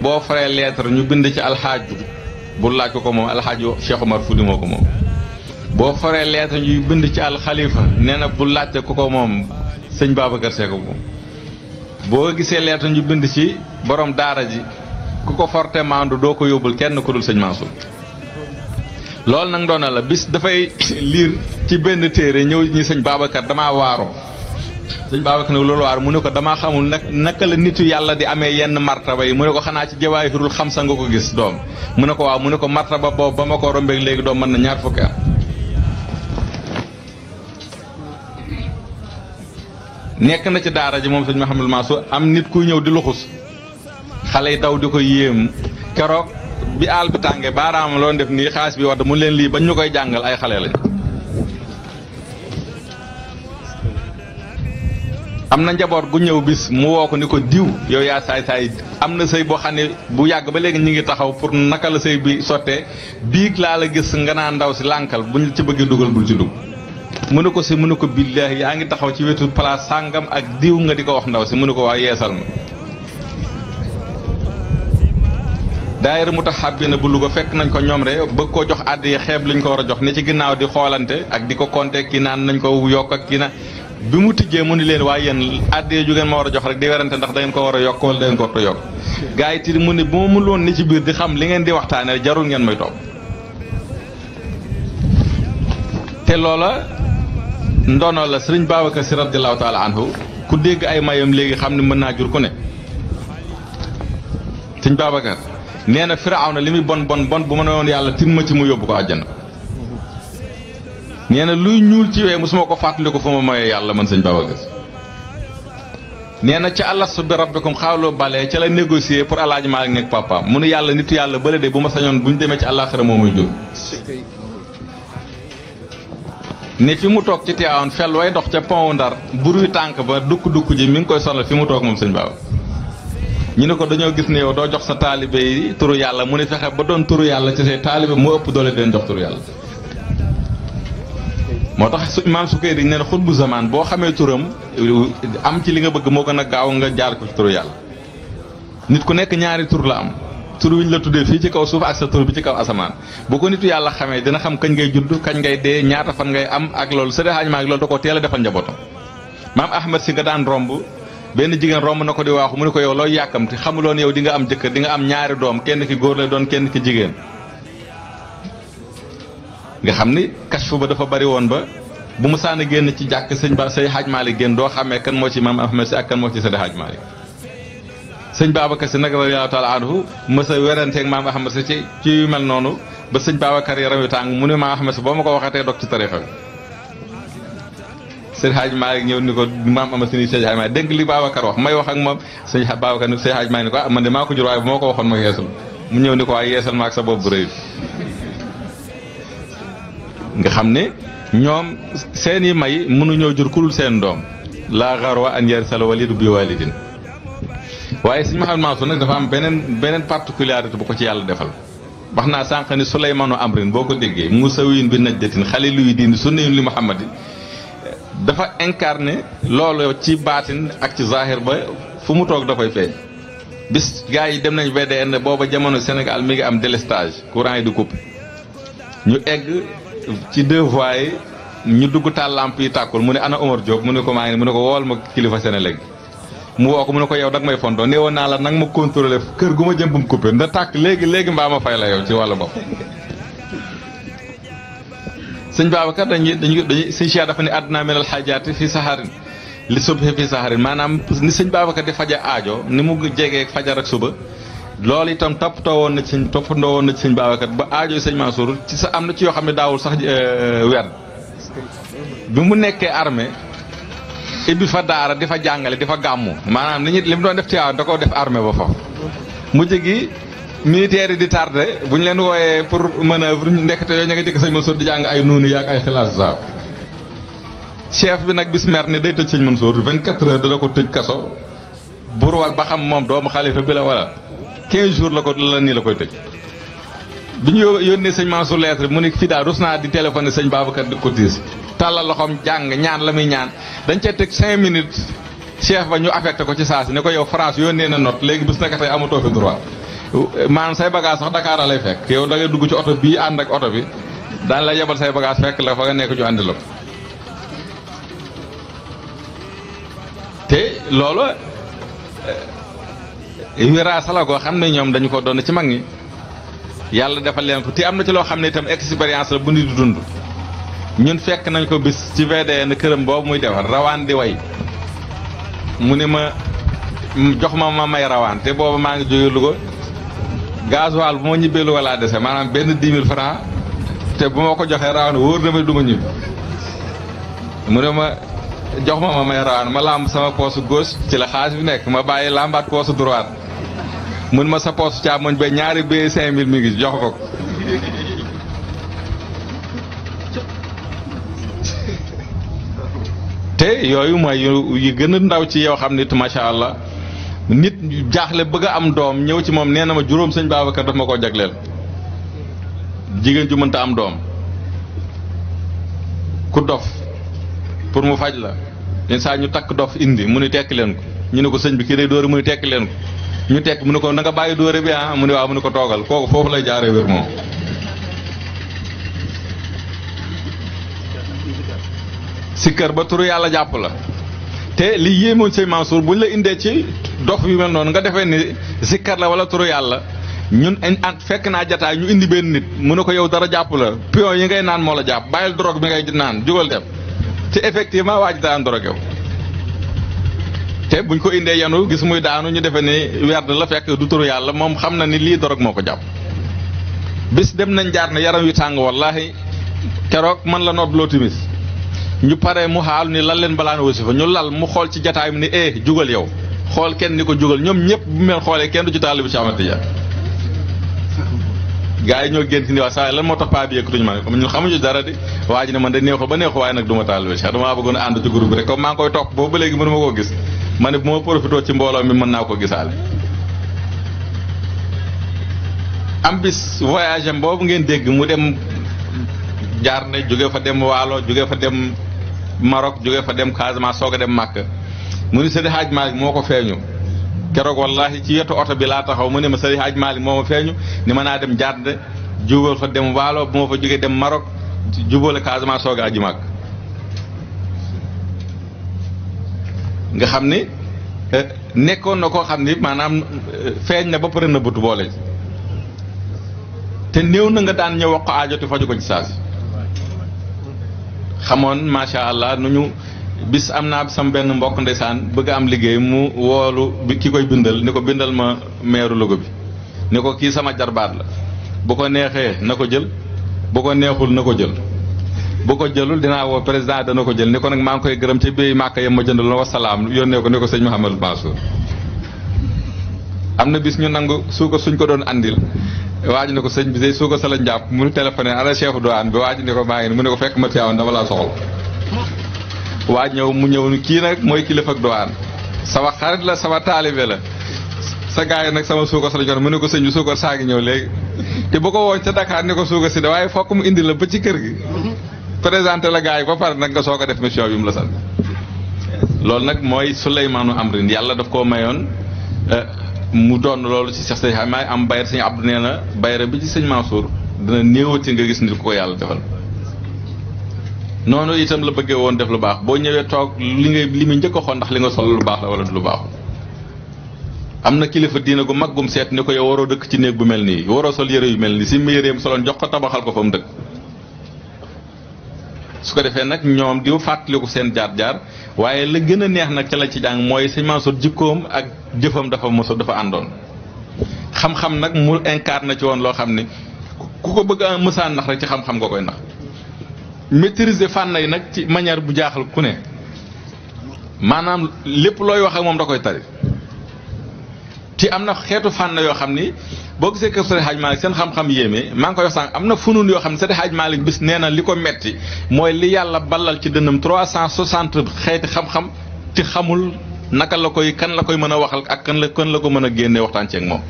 boo faree lettre ñu bind ci alxaaj bu laaj ko ko moom alxaaju Cheikh Omar Fouti moo ko moom boo faree lettre ñuy bind ci alxalifa nee na bu laajte ko ko moom sëñ Babacar Seck moom boo gisee lettre ñu bind ci borom daara ji ku ko forte maandu doo ko yóbbul kenn ko dul sëñ Mansour loolu nag doona la bis dafay liir ci benn téere ñëw ñi sëñ Babacar dama waaro sëñ Babacar nag loolu waar mu ne ko damaa xamul nag naka la nitu yàlla di amee yenn martaba yi mu ne ko xanaa ci jawaahirul xam sa ko gis doom mu ne ko waaw mu ne ko martaba boobu ba ma ko rombeeg léegi doom mën na ñaar fukki at nekk na ci daara ji moom sëñ Mouhamadou Mansour am nit kuy ñëw di luxus xale yi daw di ko yéem keroog bi aal bi tàngee baaraam loon def nii xaalis bi wadd mu leen lii bañ ñu koy jàngal ay xale lañ amna na gu ñew bis mu woko niko diw yow ya say say amna sey bo xane bu yag ba legi ñu ngi taxaw pour naka la bi soté biig la la gis nga na ndaw si lankal buñ ci bëgg dugal bu ci dugg mu ne ko si mu ne ko ngi taxaw ci wetu place sangam ak diw nga diko ko wax ndaw ci mu ne ko waa yeesal ma daayira mu bu lu ko fekk nañ ko ñom re bëgg ko jox àdd xeb luñ ko wara jox ne ci ginnaw di xolante ak diko konté ki naan nañ ko yok ak ki na bi mu tijjee mu ni leen waaye yéen àddee ju ma war a jox rek di werante ndax da ko war a yokk wala da ko war a yokk gaa yi ti mu ne bu ma mënul woon ni ci biir di xam li ngeen di waxtaanee jarul ngeen may toog te loola ndono la sëriñ Babacar Si radiyallaahu taala anhu ku dégg ay mayam léegi xam ne mën naa jur ku ne sëriñ Babacar nee na Firawna li muy bon bon bon bu ma ne woon yàlla tim ma ci mu yóbbu ko àjjana nee luy ñuul ci wé musuma ko fàttaliku ko fuma mayee yalla man señ Babacar nee ci allah subhanahu rabbikum khawlo balé ci la négocier pour alaaj Maalik nekk papa mu ne yàlla nitu yàlla bële de bu ma sañoon bu ci allah xara momuy jox ne fi mu tok ci tiawon fel way dox ci pont ndar buruy tank ba duk duk ji mi ngi koy sonal fi mu tok mom señ Babacar ñu ne ko dañu gis ne yow do jox sa talibé turu yalla mu ne ba doon turu yalla ci say talibé mo ëpp doole den jox turu yalla moo tax su imaam Sukayri dañ ne la xutbu zamaan boo xamee turam am ci li nga bëgg moo gën a gaaw nga jaar ko ci turu yàlla. nit ku nekk ñaari tur la am tur wi ñu la tuddee fii ci kaw suuf ak sa tur bi ci kaw asamaan bu ko nitu yàlla xamee dina xam kañ ngay judd kañ ngay dee ñaata fan ngay am ak loolu sa dexaaj maa ak loolu da teel a defal njabootam maam Ahmed si nga daan romb. benn jigéen romb na ko di waaxu mu ne ko yow looy yàkkamti xamuloon yow di nga am jëkkër di nga am ñaari doom kenn ki góor lay doon kenn ki jigéen nga xam ni kashfu ba dafa bari woon ba bu mu saan génn ci jàkk sëñ ba say Hadj Malick génn doo xamee kan moo ci maam Ahmed si ak kan moo ci sëñ Hadj Malick sëñ Babacar nag radiyallaahu taala anhu mës a weranteeg maam Ahmed ci ci yu mel noonu ba sëñ Babacar yaram yu tàng mu ne maam Ahmed si boo ma ko waxatee dog ci tariixa bi sëñ Hadj ñëw ni ko maam Ahmed si nii sëñ Hadj Malick dégg li Babacar wax may wax ak moom sëñ Babacar ni sëñ Hadj Malick ni ko ah man de maa ko jur waaye bu ma ko waxoon ma yeesal mu ñëw ni ko waaye yeesal ma ak sa bopp bu rëy nga xam ne ñoom seen i may mënuñoo jur kulul seen doom laa xarwa an yarsala walidu bi walidin waaye sëñ Mouhamed Mansour nag dafa am beneen beneen particularité bu ko ci yàlla defal wax naa sànq ni Souleymanu Amrin boo ko déggee musawiyin bi najdatin xaliluy diin sunniyun li Muhammadin dafa incarne loolu ci baatin ak ci zahir ba fu mu toog da koy feeñ bis gars yi dem nañ VDN booba jamono Sénégal mi ngi am délestage courant yi di coupé ñu egg ci deux voies yi ñu dugg taal lamp yi tàkkul mu ne ana Omar Diop mu ne ko maa ngi mu ne ko wool ma kilifa Senelec mu woo ko mu ne ko yow dag may fontoo nee woon naa la nag ma contrôlé kër gu ma jëm bu mu coupé nda tàkk léegi léegi mbaa ma fay la yow ci wàllu bopp. sëñ Babacar dañuy dañuy dañuy sëñ Cheikh dafa ne àddina minal xaajaati fi saxaarin li subhi fi saxaarin maanaam ni sëñ Babacar di faja aajo ni mu jegee fajar ak suba. loolu itam too woon na ci sëñ toppandoo woon na ci sëñ Babacar ba aajo sëñ Mansour ci sa am na ci yoo xam ne daawul sax euh, weer bi mu nekkee armée ibbi fa daara di fa jàngale di fa gàmmu maanaam li ñu li mu doon def ci waaw da koo def armée ba foofu mujj gi militaires yi di tardé bu ñu leen wooyee pour manœuvre ndekete yooyu ñu nga jëkk sëñ Mansour di jàng ay nuunu yaak ay xilaas saabu chef bi nag bismer ne day tëj sëñ Mansour 24 heures dala ko tëj kaso buur xam moom doomu xalifa bi la 15 jours lako ko la nii la koy tëj bi ñu Mansour lettre mu ne fi da rusna di téléphone seigne Babacar de ko talal loxom jang ñaan lamay ñaan dañ ca tek 5 minutes cheikh ba ñu affecté ko ci sas ne ko yow France yónnee na note légui bis naka tey amatoo fi droit man say bagage sax Dakar lay fek yow da nga dugg ci auto bi and ak auto bi daan la yebal say bagage fek la fa nga nek ju àndi la ko te wiraasa la xam ne ñoom dañu ko doon ci mag ñi yàlla defal leen ko te am na ci loo xam ne itam expérience la bu nit di dund ñun fekk nañ ko bis ci VDN këram boobu muy defar rawaan di way mu ne ma jox ma ma may rawaan maa ngi jóge Louga gasoil bu ma ñibbee laa dese maanaam benn dix mille te bu ma ko joxee rawaan wóor na ma ne ma jox ma ma may rawaan ma làmb sama poosu gauche ci la xaalis bi nekk ma bàyyi làmbaat poosu droite mun ma sa mun amone be ñaari be 5000 mi ngi jox ko te yoyu ma yu gëna ndaw ci yow nit macha allah nit jaxlé bëgg am dom ñew ci mom néna ma jurum señ Babacar daf ma koo jagleel jigéen ju mënta am dom ku dof pour mu faj la insaan ñu tak dof indi mu ni tekk ñu ne ko señ bi ki day doori mu ni ñu tekk mu ne ko nanga bàyyi dóore bi ah mu ne waaw mu ne ko toogal kooku foofu lay jaaree wér moom. sikkar ba turu yàlla jàpp la te li yéemoon sëñ bu ñu la indee ci dox yu mel noonu nga defee ni sikkar la wala turu yàlla ñun ak fekk naa jataay ñu indi benn nit mu ne ko yow dara jàpp la pion yi ngay naan moo la jàpp bàyyil drogue bi ngay naan jugal dem te effectivement waa ji daan drogue te buñ ko indee yanu gis muy daanu ñu defee ni werd la fekk du turu yàlla moom xam na ni lii dorog moo ko jàpp bis dem nañ jaar na yaram wi tàng wallahi keroog man la noot loo timis ñu mu xaal ni lal leen balaan wasifa ñu mu xool ci jataay ni eh jugal yow xool kenn ni ko jugal ñoom ñëpp bu mel xoolee kenn du ci taalibu Cheikh Ahmed Tidiane gaa yi ñoo génn ci ni waa saa lan moo tax paa bi yëkkatuñu ma ne comme xamuñu dara di waa ne man de neexu ba neexu waaye nag du ma ci maa ngi koy topp boobu ba léegi ma koo ma ne bu ma profitoo ci mbooloo mi mën naa ko gisaale am bis voyage am boobu ngeen dégg mu dem jaar ne jóge fa dem waalo jóge fa dem Maroc jóge fa dem Casamance soog dem Màkk mu ni Seydi Haaj Maalik moo ko feeñu keroog wallahi ci yetu oto bi laa taxaw mu ne ma Seydi Haaj Maalik moo ma feeñu ni ma naa dem jaar ne jubal fa dem waalo bu ma fa jógee dem Maroc jubale Casamance soog a aji Màkk nga xam ni eh, nekkoon na koo xam ni maanaam eh, feeñ na ba pare na butu boole te néew na nga daan ñëw wax ko aajo faju ko ci saasi xamoon macha allah nu ñu bis am naa sam benn mbokk ndeysaan bëgg am liggéey mu woolu bi ki koy bindal ni ko bindal ma meeru logo bi ni ko kii sama jarbaat la bu ko neexee na ko jël bu ko neexul na ko jël bu ko jëlul dina wo président dana ko jël ni ko nak ma ngi koy gërëm ci biir makka yam ma lo wa salam yonne ko ne ko seigne mohammed Mansour amna bis ñu nangu suukar suñ ko doon andil waji ne ko seigne bi sey suukar sa lañ jàpp mu téléphoné ala cheikh douane bi waji ne ko maa mu ne ko fekk ma fi awoon dama laa soxla waa ñëw mu ni ki nak moy kilif ak douane sama xarit la sama taalibe la sa gaay nak sama suko sala lañ mu ne ko seigne suko saagi ñew leg te bu ko woon ca Dakar ne ko suko si da waaye fokk mu indi la ba ci kër gi présenté la gaa yi ba pare nag nga soog a def mission bi mu la sant loolu nag mooy Suleymaanu Amrin yàlla daf koo mayoon euh, mu doon loolu ci sax say xam am bayra sëñ Abdou nee na bayra bi ci sëñ Mansour dina néewati nga gis nit ko yàlla defal. noonu itam la bëggee woon def lu baax boo ñëwee toog li nga li mu njëkk a xool ndax li nga sol lu baax la wala du lu baaxul. am na kilifa diina gu mag gum seet ni ko yow waroo dëkk ci néeg bu mel nii waroo sol yére yu mel nii si mu yéreem jox ko ko fa mu dëkk. su ko defee nag ñoom di fàttaliku seen jaar-jaar waaye la gën a neex nag ca la ci jàng mooy sëñ jikkoom ak jëfam dafa moso dafa àndoon xam-xam nag mu na ci woon loo xam ni ku ko bëgg a mësaan nax rek ci xam-xam nga koy nax maîtriser fànn yi nag ci manière bu jaaxal ku ne maanaam lépp looy wax ak moom da koy tari ci am na xeetu fànn yoo xam ni boo gisee kër Seydi Hadj Malick seen xam-xam yéeme maa ngi koy wax sànq am na funun yoo xam ne Seydi Hadj Malick bis nee na li ko metti mooy li yàlla ballal ci dënnam 360 xeeti xam-xam ti xamul naka la koy kan la koy mën a waxal ak kan la kan la ko mën a génnee waxtaan ceeg moom.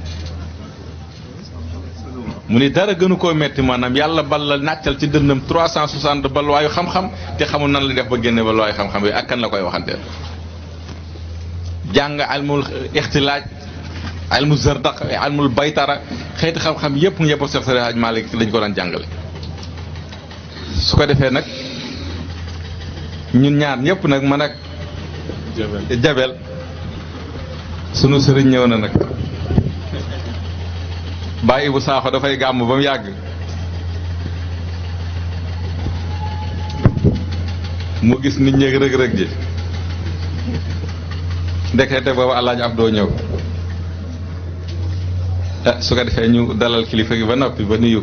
mu ni dara gënu koo metti maanaam yàlla ballal nàccal ci dënnam 360 balluwaayu xam-xam te xamul nan la def ba génne balluwaayu xam-xam bi ak kan la koy waxanteel. jàng almul ixtilaaj almu zardaq almul baytara xeeti xam-xam yëpp njabootu Seex Seydi Hajji Maalik dañ ko daan jàngale su ko defee nag ñun ñaar ñëpp nag man ak jabel sunu sëriñ ñëw na nag bàyyi bu saaxo dafay gàmm ba mu yàgg mu gis nit ñeeg rëg-rëg ji ndekete boobu àllaaji ab doo ñëw Ah, su ko defee ñu dalal kilifa gi ba noppi ba nuyu